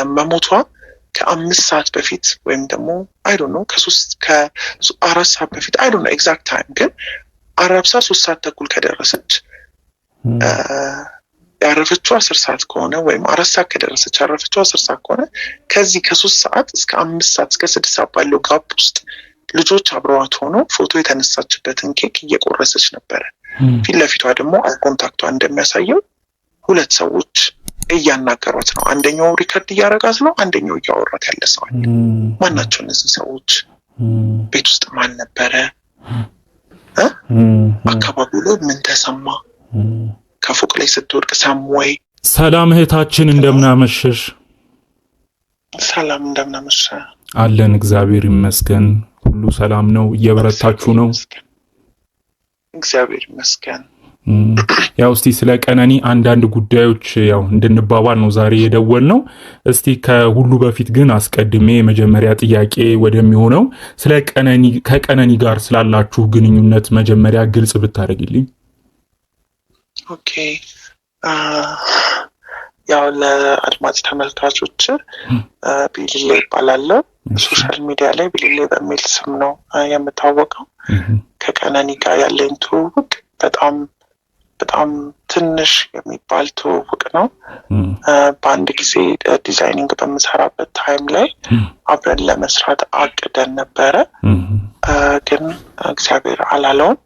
ከመሞቷ ከአምስት ሰዓት በፊት ወይም ደግሞ አይዶ ነው ከሶስት ከአራት ሰዓት በፊት አይዶ ነው ኤግዛክት ታይም ግን አራብሳ ሶስት ሰዓት ተኩል ከደረሰች hmm. ያረፈችው አስር ሰዓት ከሆነ ወይም አራት ሰዓት ከደረሰች ያረፈችው አስር ሰዓት ከሆነ ከዚህ ከሶስት ሰዓት እስከ አምስት ሰዓት እስከ ስድስት ሰዓት ባለው ጋፕ ውስጥ ልጆች አብረዋት ሆኖ ፎቶ የተነሳችበትን ኬክ እየቆረሰች ነበረ። hmm. ፊት ለፊቷ ደግሞ አይኮንታክቷ እንደሚያሳየው ሁለት ሰዎች እያናገሯት ነው። አንደኛው ሪከርድ እያረጋት ነው፣ አንደኛው እያወራት ያለ ሰው አለ። ማናቸው እነዚህ ሰዎች? ቤት ውስጥ ማን ነበረ? አካባቢው ላይ ምን ተሰማ? ከፎቅ ላይ ስትወድቅ ሰሙ ወይ? ሰላም እህታችን፣ እንደምናመሸሽ። ሰላም እንደምናመሸ አለን፣ እግዚአብሔር ይመስገን። ሁሉ ሰላም ነው። እየበረታችሁ ነው? እግዚአብሔር ይመስገን። ያው እስቲ ስለ ቀነኒ አንዳንድ ጉዳዮች ያው እንድንባባል ነው ዛሬ የደወል ነው። እስቲ ከሁሉ በፊት ግን አስቀድሜ መጀመሪያ ጥያቄ ወደሚሆነው ስለ ቀነኒ ከቀነኒ ጋር ስላላችሁ ግንኙነት መጀመሪያ ግልጽ ብታደርግልኝ። ኦኬ ያው ለአድማጭ ተመልካቾች ቢልሌ ይባላለሁ። ሶሻል ሚዲያ ላይ ቢልሌ በሚል ስም ነው የምታወቀው። ከቀነኒ ጋር ያለኝ ትውውቅ በጣም በጣም ትንሽ የሚባል ትውውቅ ነው። በአንድ ጊዜ ዲዛይኒንግ በምሰራበት ታይም ላይ አብረን ለመስራት አቅደን ነበረ፣ ግን እግዚአብሔር አላለውም።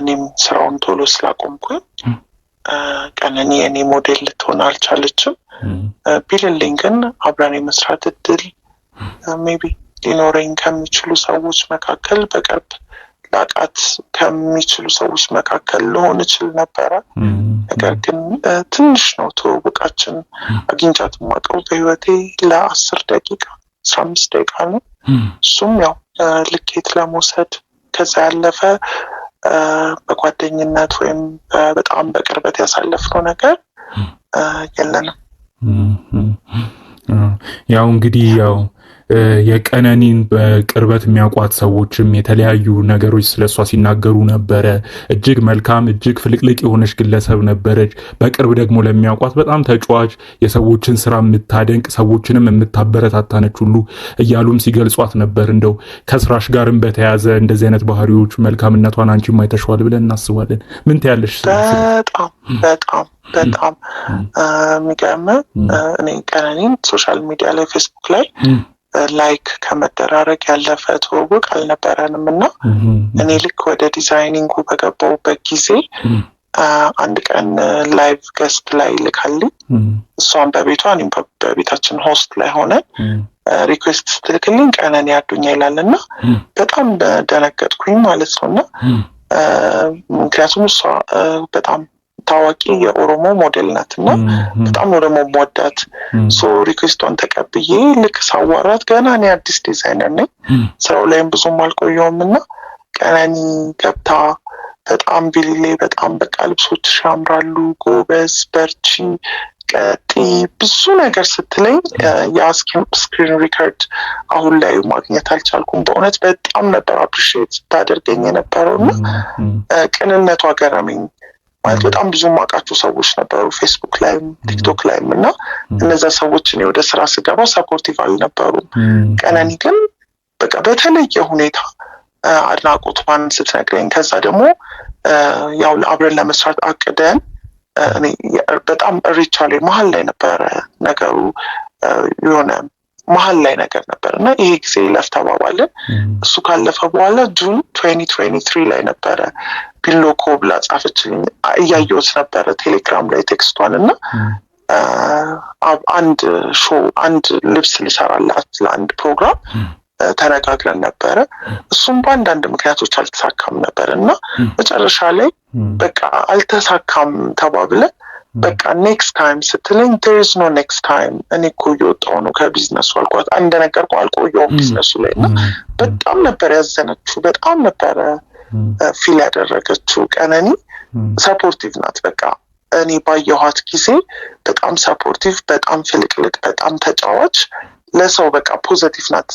እኔም ስራውን ቶሎ ስላቆምኩኝ ቀነኒ የእኔ ሞዴል ልትሆን አልቻለችም። ቢልልኝ ግን አብረን የመስራት እድል ሜይ ቢ ሊኖረኝ ከሚችሉ ሰዎች መካከል በቅርብ መነቃቃት ከሚችሉ ሰዎች መካከል ልሆን እችል ነበረ። ነገር ግን ትንሽ ነው ትውውቃችን። አግኝቻት ማቀው በህይወቴ ለአስር ደቂቃ አስራ አምስት ደቂቃ ነው። እሱም ያው ልኬት ለመውሰድ ከዛ ያለፈ በጓደኝነት ወይም በጣም በቅርበት ያሳለፍነው ነገር የለንም። ያው እንግዲህ ያው የቀነኒን በቅርበት የሚያውቋት ሰዎችም የተለያዩ ነገሮች ስለሷ ሲናገሩ ነበረ። እጅግ መልካም እጅግ ፍልቅልቅ የሆነች ግለሰብ ነበረች። በቅርብ ደግሞ ለሚያውቋት በጣም ተጫዋች፣ የሰዎችን ስራ የምታደንቅ ሰዎችንም የምታበረታታነች ሁሉ እያሉም ሲገልጿት ነበር። እንደው ከስራሽ ጋርም በተያዘ እንደዚህ አይነት ባህሪዎች መልካምነቷን አንቺ ማይተሸዋል ብለን እናስባለን። ምን ትያለሽ? በጣም በጣም በጣም የሚገርም እኔ ቀነኒን ሶሻል ሚዲያ ላይ ፌስቡክ ላይ ላይክ ከመደራረግ ያለፈ ትውውቅ አልነበረንም እና እኔ ልክ ወደ ዲዛይኒንጉ በገባውበት ጊዜ አንድ ቀን ላይቭ ገስት ላይ ይልካልኝ እሷን በቤቷ እኔም በቤታችን ሆስት ላይ ሆነን ሪኩዌስት ስትልክልኝ ቀነን አዱኛ ይላል እና በጣም ደነገጥኩኝ ማለት ነው እና ምክንያቱም እሷ በጣም ታዋቂ የኦሮሞ ሞዴል ናት እና በጣም ነው ደግሞ የምወዳት። ሶ ሪኩዌስቷን ተቀብዬ ልክ ሳዋራት ገና እኔ አዲስ ዲዛይነር ነኝ፣ ስራው ላይም ብዙም አልቆየውም እና ቀነኒ ገብታ በጣም ቢሊሌ በጣም በቃ ልብሶች ሻምራሉ፣ ጎበዝ፣ በርቺ፣ ቀጢ ብዙ ነገር ስትለኝ ያ ስክሪን ሪከርድ አሁን ላይ ማግኘት አልቻልኩም። በእውነት በጣም ነበር አፕሪሺየት ታደርገኝ የነበረው እና ቅንነቷ ገረመኝ። ማለት በጣም ብዙ ማውቃቸው ሰዎች ነበሩ፣ ፌስቡክ ላይም ቲክቶክ ላይም እና እነዛ ሰዎች እኔ ወደ ስራ ስገባ ሰፖርቲቭ አልነበሩም። ቀነኒ ግን በቃ በተለየ ሁኔታ አድናቆቷን ስትነግረኝ ከዛ ደግሞ ያው አብረን ለመስራት አቅደን በጣም ሪቻ ላይ መሀል ላይ ነበረ ነገሩ የሆነ መሀል ላይ ነገር ነበር እና ይሄ ጊዜ ለፍ ተባባልን። እሱ ካለፈ በኋላ ጁን ትዌንቲ ትዌንቲ ትሪ ላይ ነበረ ቢሎ ብላ ጻፈችልኝ። እያየሁት ነበረ ቴሌግራም ላይ ቴክስቷን እና አንድ ሾው አንድ ልብስ ልሰራላት ለአንድ ፕሮግራም ተነጋግረን ነበረ። እሱም በአንዳንድ ምክንያቶች አልተሳካም ነበር እና መጨረሻ ላይ በቃ አልተሳካም ተባብለን በቃ ኔክስት ታይም ስትለኝ ቴርዝ ኖ ኔክስት ታይም፣ እኔ እኮ እየወጣሁ ነው ከቢዝነሱ አልኳት። እንደነገርኩህ አልቆየሁም ቢዝነሱ ላይ እና በጣም ነበር ያዘነችው፣ በጣም ነበረ ፊል ያደረገችው ቀነኒ ሰፖርቲቭ ናት። በቃ እኔ ባየኋት ጊዜ በጣም ሰፖርቲቭ፣ በጣም ፍልቅልቅ፣ በጣም ተጫዋች ለሰው በቃ ፖዘቲቭ ናት።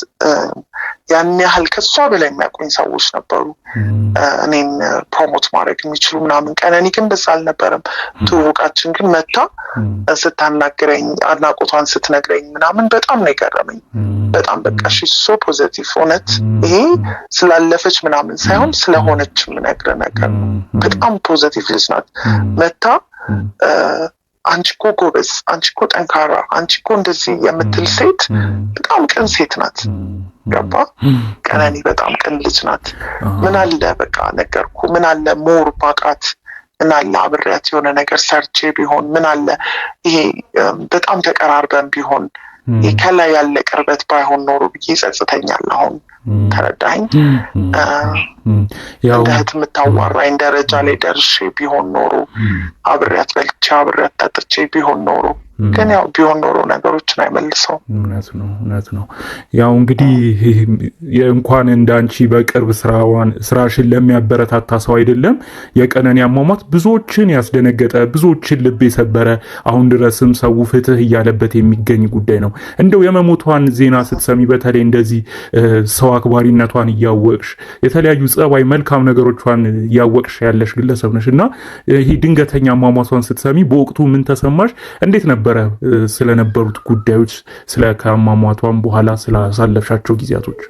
ያን ያህል ከሷ በላይ የሚያቆኝ ሰዎች ነበሩ እኔን ፕሮሞት ማድረግ የሚችሉ ምናምን። ቀነኒ ግን በዛ አልነበረም። ትውውቃችን ግን መታ ስታናግረኝ፣ አድናቆቷን ስትነግረኝ ምናምን በጣም ነው የገረመኝ። በጣም በቃ ሶ ፖዘቲቭ እውነት። ይሄ ስላለፈች ምናምን ሳይሆን ስለሆነች የምነግርህ ነገር ነው። በጣም ፖዘቲቭ ልጅ ናት መታ አንቺ እኮ ጎበዝ፣ አንቺ እኮ ጠንካራ፣ አንቺ እኮ እንደዚህ የምትል ሴት በጣም ቅን ሴት ናት። ገባ ቀነኒ በጣም ቅን ልጅ ናት። ምን አለ በቃ ነገርኩ፣ ምን አለ ሞር ባቃት፣ ምን አለ አብሬያት የሆነ ነገር ሰርቼ ቢሆን፣ ምን አለ ይሄ በጣም ተቀራርበን ቢሆን ከላይ ያለ ቅርበት ባይሆን ኖሮ ብዬ ጸጽተኛል። አሁን ተረዳኝ። እንደ እህት የምታዋራኝ ደረጃ ላይ ደርሼ ቢሆን ኖሮ አብሬያት በልቼ አብሬያት ጠጥቼ ቢሆን ኖሮ ግን ያው ቢሆን ኖሮ ነገሮችን አይመልሰውም። እውነት ነው፣ እውነት ነው። ያው እንግዲህ እንኳን እንደ አንቺ በቅርብ ስራሽን ለሚያበረታታ ሰው አይደለም የቀነኒ አሟሟት ብዙዎችን ያስደነገጠ ብዙዎችን ልብ የሰበረ አሁን ድረስም ሰው ፍትህ እያለበት የሚገኝ ጉዳይ ነው። እንደው የመሞቷን ዜና ስትሰሚ በተለይ እንደዚህ ሰው አክባሪነቷን እያወቅሽ የተለያዩ ጸባይ፣ መልካም ነገሮቿን እያወቅሽ ያለሽ ግለሰብ ነሽ እና ይህ ድንገተኛ አሟሟቷን ስትሰሚ በወቅቱ ምን ተሰማሽ? እንዴት ነበር ነበረ ስለነበሩት ጉዳዮች ስለ በኋላ ስላሳለፍሻቸው ጊዜያቶች?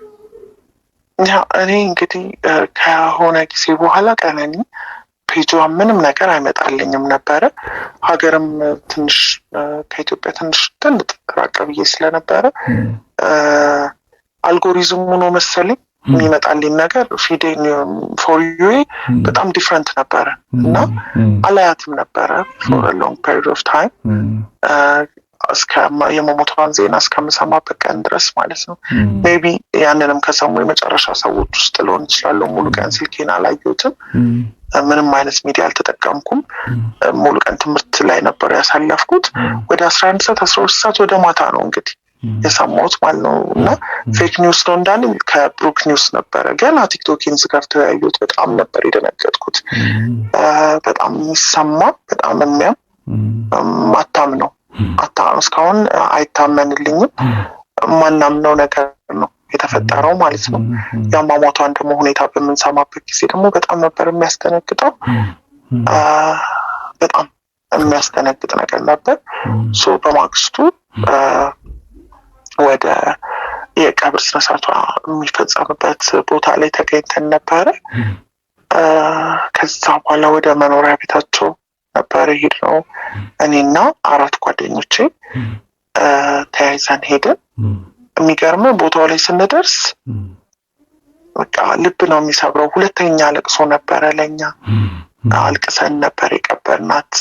እኔ እንግዲህ ከሆነ ጊዜ በኋላ ቀነኒ ፔጅዋ ምንም ነገር አይመጣልኝም ነበረ። ሀገርም ትንሽ ከኢትዮጵያ ትንሽ ትንጥ ራቅ ብዬ ስለነበረ አልጎሪዝሙ ነው መሰለኝ የሚመጣልኝ ነገር ፊዴ ፎር ዩ በጣም ዲፍረንት ነበረ። እና አላያትም ነበረ ፎር ሎንግ ፔሪድ ኦፍ ታይም የመሞቷን ዜና እስከምሰማበት ቀን ድረስ ማለት ነው። ሜቢ ያንንም ከሰሙ የመጨረሻ ሰዎች ውስጥ ልሆን እችላለሁ። ሙሉ ቀን ስልኬን አላየሁትም። ምንም አይነት ሚዲያ አልተጠቀምኩም። ሙሉ ቀን ትምህርት ላይ ነበር ያሳለፍኩት። ወደ አስራ አንድ ሰዓት አስራ ሁለት ሰዓት ወደ ማታ ነው እንግዲህ የሰማሁት ማለት ነው። እና ፌክ ኒውስ ነው እንዳንም ከብሩክ ኒውስ ነበረ። ገና ቲክቶኪንስ ጋር ተወያዩት። በጣም ነበር የደነገጥኩት። በጣም የሚሰማ በጣም የሚያም አታም ነው አታም እስካሁን አይታመንልኝም። ማናምነው ነገር ነው የተፈጠረው ማለት ነው። የአሟሟቷን ደግሞ ሁኔታ በምንሰማበት ጊዜ ደግሞ በጣም ነበር የሚያስደነግጠው። በጣም የሚያስደነግጥ ነገር ነበር። በማግስቱ ወደ የቀብር ስነስርዓቷ የሚፈጸምበት ቦታ ላይ ተገኝተን ነበረ። ከዛ በኋላ ወደ መኖሪያ ቤታቸው ነበረ ሄድ ነው እኔና አራት ጓደኞቼ ተያይዘን ሄድን። የሚገርም ቦታው ላይ ስንደርስ በቃ ልብ ነው የሚሰብረው። ሁለተኛ ለቅሶ ነበረ ለኛ አልቅሰን ነበር የቀበርናት።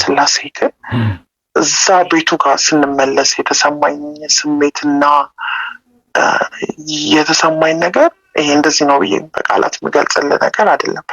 ስላሴ ግን እዛ ቤቱ ጋር ስንመለስ የተሰማኝ ስሜትና የተሰማኝ ነገር ይሄ እንደዚህ ነው ብዬ በቃላት የምገልጽልህ ነገር አይደለም።